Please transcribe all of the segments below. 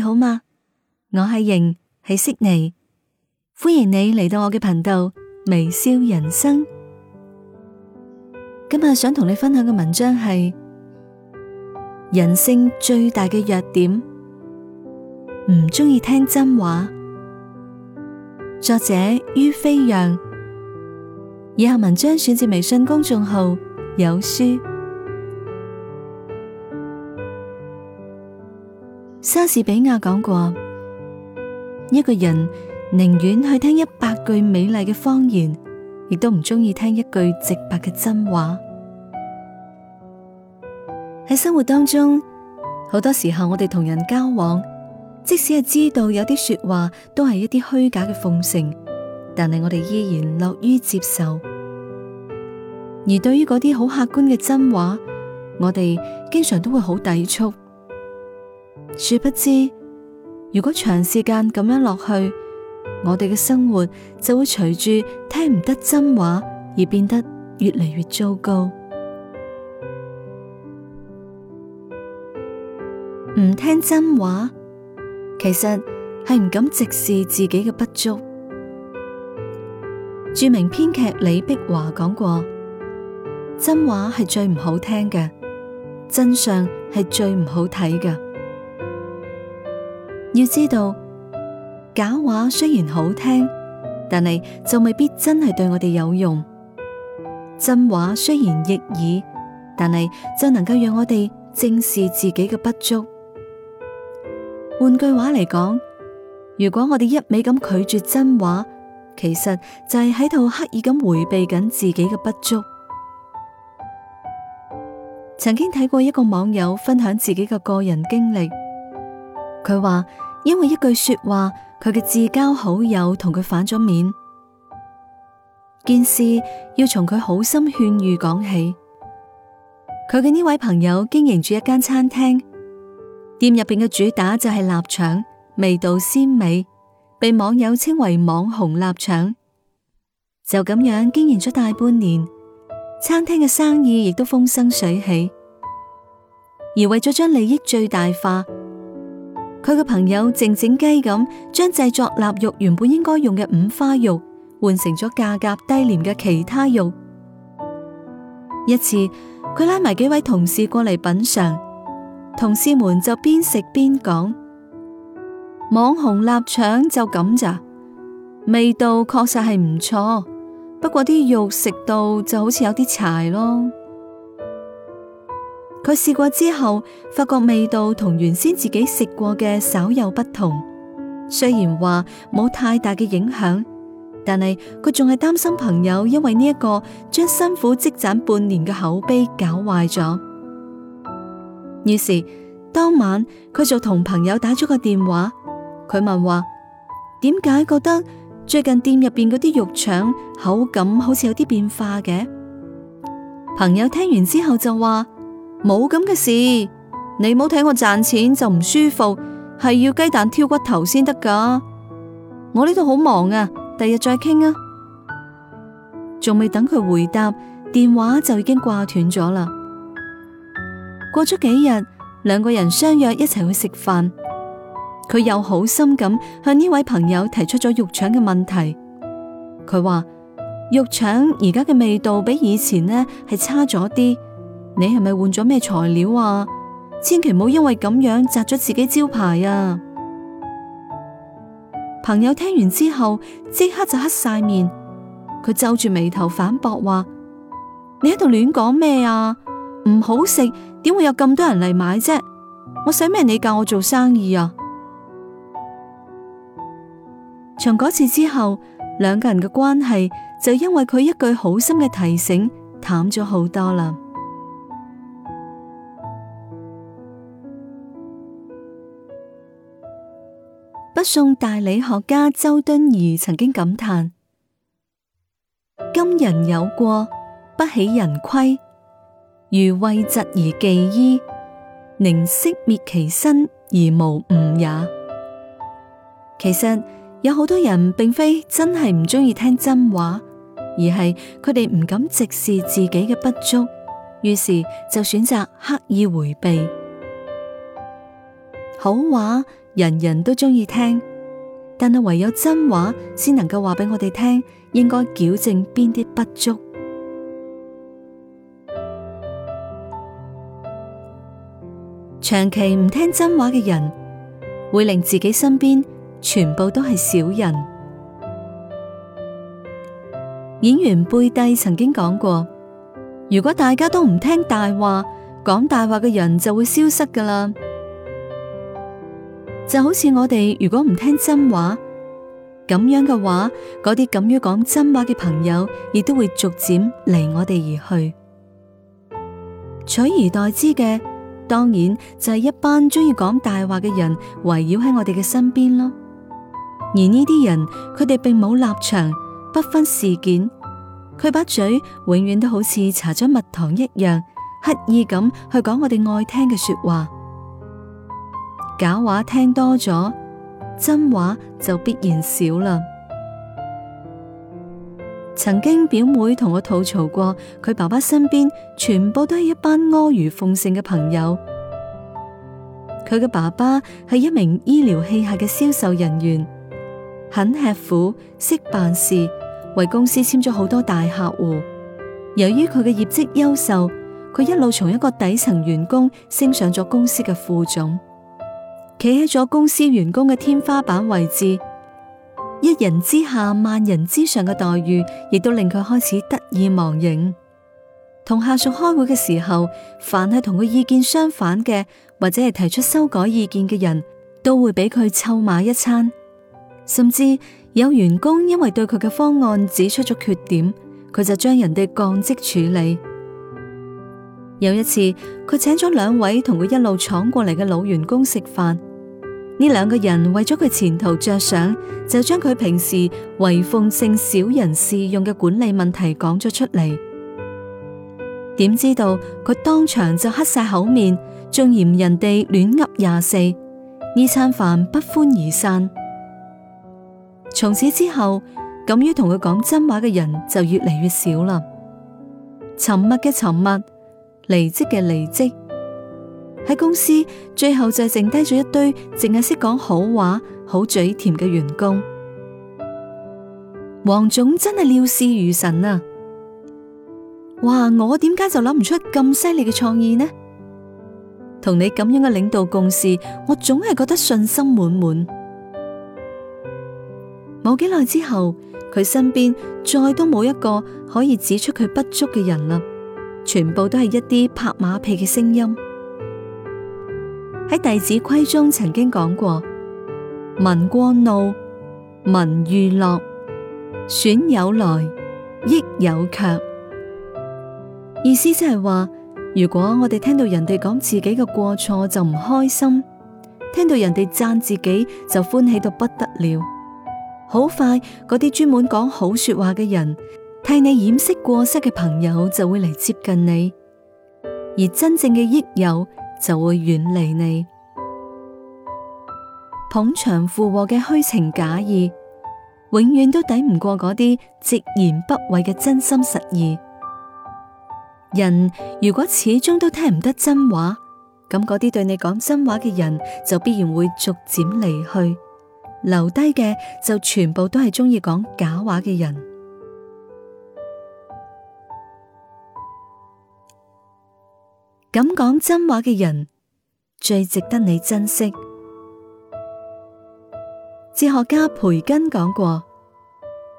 你好嗎？我係瑩，係悉尼，歡迎你嚟到我嘅頻道微笑人生。今日想同你分享嘅文章係人性最大嘅弱點，唔中意聽真話。作者于飛揚，以下文章選自微信公眾號有書。莎士比亞講過：一個人寧願去聽一百句美麗嘅謊言，亦都唔中意聽一句直白嘅真話。喺生活當中，好多時候我哋同人交往，即使係知道有啲說話都係一啲虛假嘅奉承，但係我哋依然樂於接受；而對於嗰啲好客觀嘅真話，我哋經常都會好抵觸。殊不知，如果長時間咁樣落去，我哋嘅生活就會隨住聽唔得真話而變得越嚟越糟糕。唔聽真話，其實係唔敢直視自己嘅不足。著名編劇李碧華講過：真話係最唔好聽嘅，真相係最唔好睇嘅。要知道，假話雖然好聽，但係就未必真係對我哋有用。真話雖然逆耳，但係就能夠讓我哋正視自己嘅不足。換句話嚟講，如果我哋一味咁拒絕真話，其實就係喺度刻意咁回避緊自己嘅不足。曾經睇過一個網友分享自己嘅個人經歷。佢話因為一句說話，佢嘅至交好友同佢反咗面。件事要從佢好心勸喻講起。佢嘅呢位朋友經營住一間餐廳，店入邊嘅主打就係臘腸，味道鮮美，被網友稱為網紅臘腸。就咁樣經營咗大半年，餐廳嘅生意亦都風生水起。而為咗將利益最大化，佢嘅朋友靜靜雞咁將製作臘肉原本應該用嘅五花肉換成咗價格低廉嘅其他肉。一次佢拉埋幾位同事過嚟品嘗，同事們就邊食邊講：網紅臘腸就咁咋，味道確實係唔錯，不過啲肉食到就好似有啲柴咯。佢試過之後，發覺味道同原先自己食過嘅稍有不同。雖然話冇太大嘅影響，但係佢仲係擔心朋友因為呢一個將辛苦積攢半年嘅口碑搞壞咗。於是當晚佢就同朋友打咗個電話，佢問話點解覺得最近店入邊嗰啲肉腸口感好似有啲變化嘅？朋友聽完之後就話。冇咁嘅事，你冇睇我賺錢就唔舒服，係要雞蛋挑骨頭先得噶。我呢度好忙啊，第日再傾啊。仲未等佢回答，電話就已經掛斷咗啦。過咗幾日，兩個人相約一齊去食飯，佢又好心咁向呢位朋友提出咗肉腸嘅問題。佢話肉腸而家嘅味道比以前呢係差咗啲。你係咪換咗咩材料啊？千祈唔好因為咁樣砸咗自己招牌啊！朋友聽完之後即刻就黑晒面，佢皺住眉頭反駁話：你喺度亂講咩啊？唔好食點會有咁多人嚟買啫？我使咩你教我做生意啊？從嗰次之後，兩個人嘅關係就因為佢一句好心嘅提醒淡咗好多啦。北宋大理學家周敦頤曾經感嘆：今人有過，不喜人規，如為疾而忌醫，寧息滅其身而無誤也。其實有好多人並非真係唔中意聽真話，而係佢哋唔敢直視自己嘅不足，於是就選擇刻意回避。好話，人人都中意聽，但係唯有真話先能夠話俾我哋聽，應該矯正邊啲不足。長期唔聽真話嘅人，會令自己身邊全部都係小人。演員貝蒂曾經講過：如果大家都唔聽大話，講大話嘅人就會消失噶啦。就好似我哋如果唔聽真話咁樣嘅話，嗰啲敢於講真話嘅朋友，亦都會逐漸離我哋而去。取而代之嘅，當然就係一班鍾意講大話嘅人圍繞喺我哋嘅身邊咯。而呢啲人，佢哋並冇立場，不分事件，佢把嘴永遠都好似搽咗蜜糖一樣，刻意咁去講我哋愛聽嘅說話。假話聽多咗，真話就必然少啦。曾經表妹同我吐槽過，佢爸爸身邊全部都係一班阿諛奉承嘅朋友。佢嘅爸爸係一名醫療器械嘅銷售人員，肯吃苦，識辦事，為公司簽咗好多大客戶。由於佢嘅業績優秀，佢一路從一個底層員工升上咗公司嘅副總。企喺咗公司員工嘅天花板位置，一人之下萬人之上嘅待遇，亦都令佢開始得意忘形。同下屬開會嘅時候，凡係同佢意見相反嘅，或者係提出修改意見嘅人都會俾佢臭罵一餐。甚至有員工因為對佢嘅方案指出咗缺點，佢就將人哋降職處理。有一次，佢請咗兩位同佢一路闖過嚟嘅老員工食飯。呢兩個人為咗佢前途着想，就將佢平時唯奉性小人士用嘅管理問題講咗出嚟，點知道佢當場就黑晒口面，仲嫌人哋亂噏廿四，呢餐飯不歡而散。從此之後，敢於同佢講真話嘅人就越嚟越少啦。沉默嘅沉默，離職嘅離職。喺公司，最後就剩低咗一堆淨係識講好話、好嘴甜嘅員工。黃總真係料事如神啊！哇，我點解就諗唔出咁犀利嘅創意呢？同你咁樣嘅領導共事，我總係覺得信心滿滿。冇幾耐之後，佢身邊再都冇一個可以指出佢不足嘅人啦，全部都係一啲拍馬屁嘅聲音。喺《弟子規》中曾經講過：聞過怒，聞遇樂，損友來，益友卻。意思即係話，如果我哋聽到人哋講自己嘅過錯就唔開心，聽到人哋讚自己就歡喜到不得了，好快嗰啲專門講好說話嘅人，替你掩飾過失嘅朋友就會嚟接近你，而真正嘅益友。就會遠離你捧場附和嘅虛情假意，永遠都抵唔過嗰啲直言不諱嘅真心實意。人如果始終都聽唔得真話，咁嗰啲對你講真話嘅人，就必然會逐漸離去，留低嘅，就全部都係中意講假話嘅人。敢講真話嘅人最值得你珍惜。哲學家培根講過，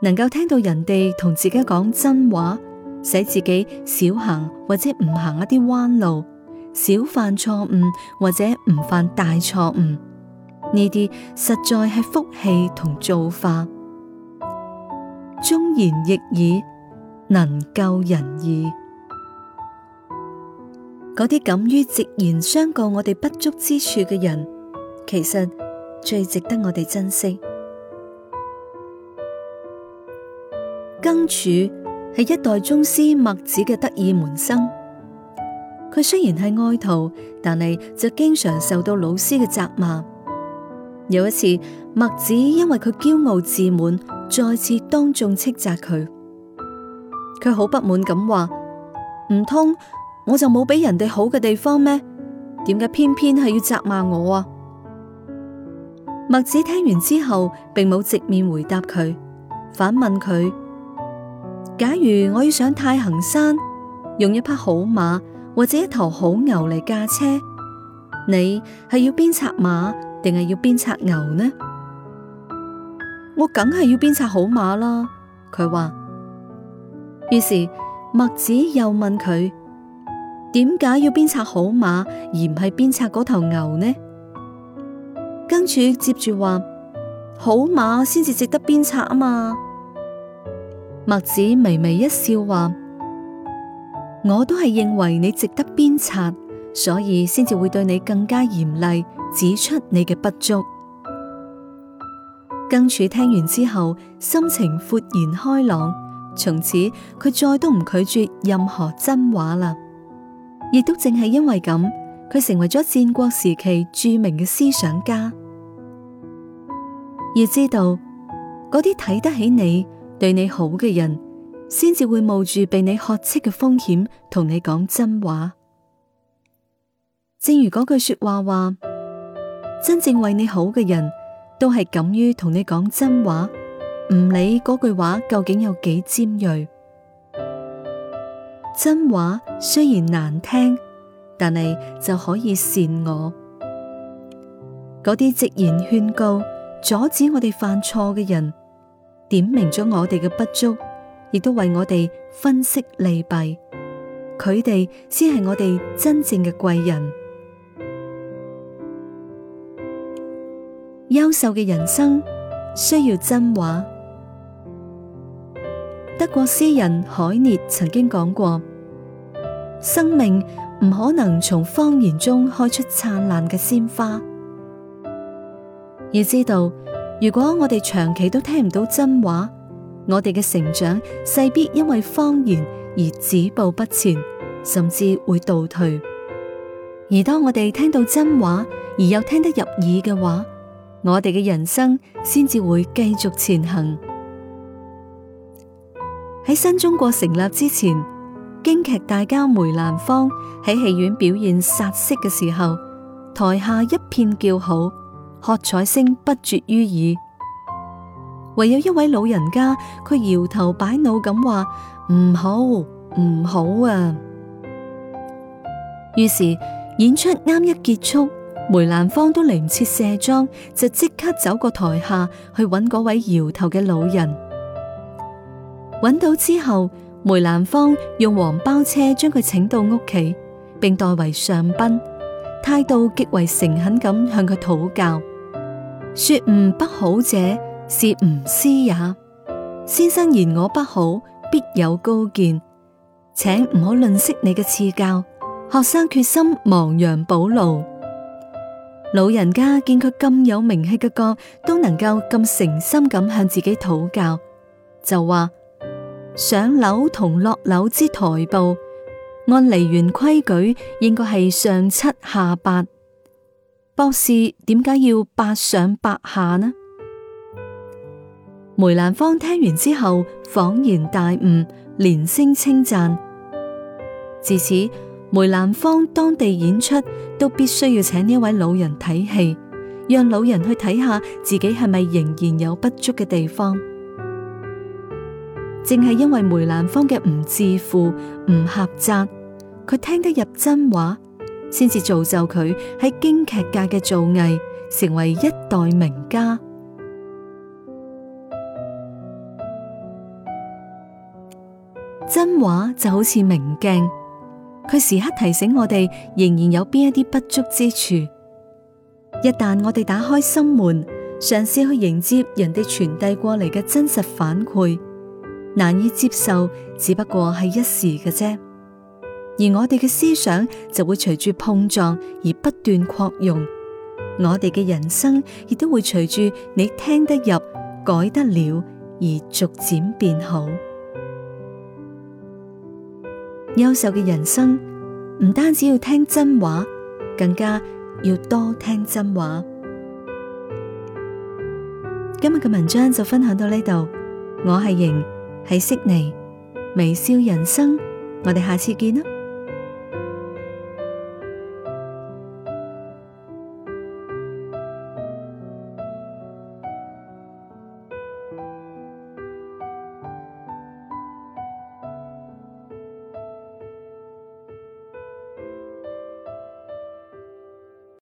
能夠聽到人哋同自己講真話，使自己少行或者唔行一啲彎路，少犯錯誤或者唔犯大錯誤，呢啲實在係福氣同造化。忠言逆耳，能救仁義。嗰啲敢於直言相告我哋不足之處嘅人，其實最值得我哋珍惜。耕柱係一代宗師墨子嘅得意門生，佢雖然係愛徒，但係就經常受到老師嘅責罵。有一次，墨子因為佢驕傲自滿，再次當眾斥責佢。佢好不滿咁話：唔通，我就冇畀人哋好嘅地方咩？點解偏偏係要責罵我啊？墨子聽完之後，並冇直面回答佢，反問佢：假如我要上太行山，用一匹好馬或者一頭好牛嚟駕車，你係要鞭策馬定係要鞭策牛呢？我梗係要鞭策好馬啦，佢話。於是墨子又問佢。點解要鞭策好馬而唔係鞭策嗰頭牛呢？耕柱接住話：好馬先至值得鞭策吖嘛。墨子微微一笑話：我都係認為你值得鞭策，所以先至會對你更加嚴厲，指出你嘅不足。耕柱聽完之後，心情豁然開朗，從此佢再都唔拒絕任何真話啦。亦都正係因為咁，佢成為咗戰國時期著名嘅思想家。要知道，嗰啲睇得起你、對你好嘅人，先至會冒住被你喝斥嘅風險同你講真話。正如嗰句話說話話：真正為你好嘅人都係敢於同你講真話，唔理嗰句話究竟有幾尖銳。真話雖然難聽，但係就可以善我。嗰啲直言勸告，阻止我哋犯錯嘅人，點明咗我哋嘅不足，亦都為我哋分析利弊。佢哋先係我哋真正嘅貴人。優秀嘅人生需要真話。德國詩人海涅曾經講過：生命唔可能從謊言中開出燦爛嘅鮮花。要知道，如果我哋長期都聽唔到真話，我哋嘅成長勢必因為謊言而止步不前，甚至會倒退。而當我哋聽到真話而又聽得入耳嘅話，我哋嘅人生先至會繼續前行。喺新中國成立之前，京劇大家梅蘭芳喺戲院表演殺色嘅時候，台下一片叫好，喝彩聲不絕於耳。唯有一位老人家，佢搖頭擺腦咁話：唔好，唔好啊！於是演出啱一結束，梅蘭芳都嚟唔切卸妝，就即刻走過台下去揾嗰位搖頭嘅老人。搵到之後，梅蘭芳用黃包車將佢請到屋企，並代為上賓，態度極為誠懇咁向佢討教，說吾不好者是吾師也。先生言我不好，必有高見，請唔好吝嗇你嘅賜教。學生決心亡羊補牢。老人家見佢咁有名氣嘅角都能夠咁誠心咁向自己討教，就話。上樓同落樓之台步，按梨園規矩應該係上七下八。博士點解要八上八下呢？梅蘭芳聽完之後恍然大悟，連聲稱讚。自此，梅蘭芳當地演出都必須要請呢位老人睇戲，讓老人去睇下自己係咪仍然有不足嘅地方。正係因為梅蘭芳嘅唔自負、唔狹窄，佢聽得入真話，先至造就佢喺京劇界嘅造詣，成為一代名家。真話就好似明鏡，佢時刻提醒我哋仍然有邊一啲不足之處。一旦我哋打開心門，嘗試去迎接人哋傳遞過嚟嘅真實反饋。難以接受，只不過係一時嘅啫。而我哋嘅思想就會隨住碰撞而不斷擴容，我哋嘅人生亦都會隨住你聽得入、改得了而逐漸變好。優秀嘅人生唔單止要聽真話，更加要多聽真話。今日嘅文章就分享到呢度，我係瑩。喺悉尼微笑人生，我哋下次見啦。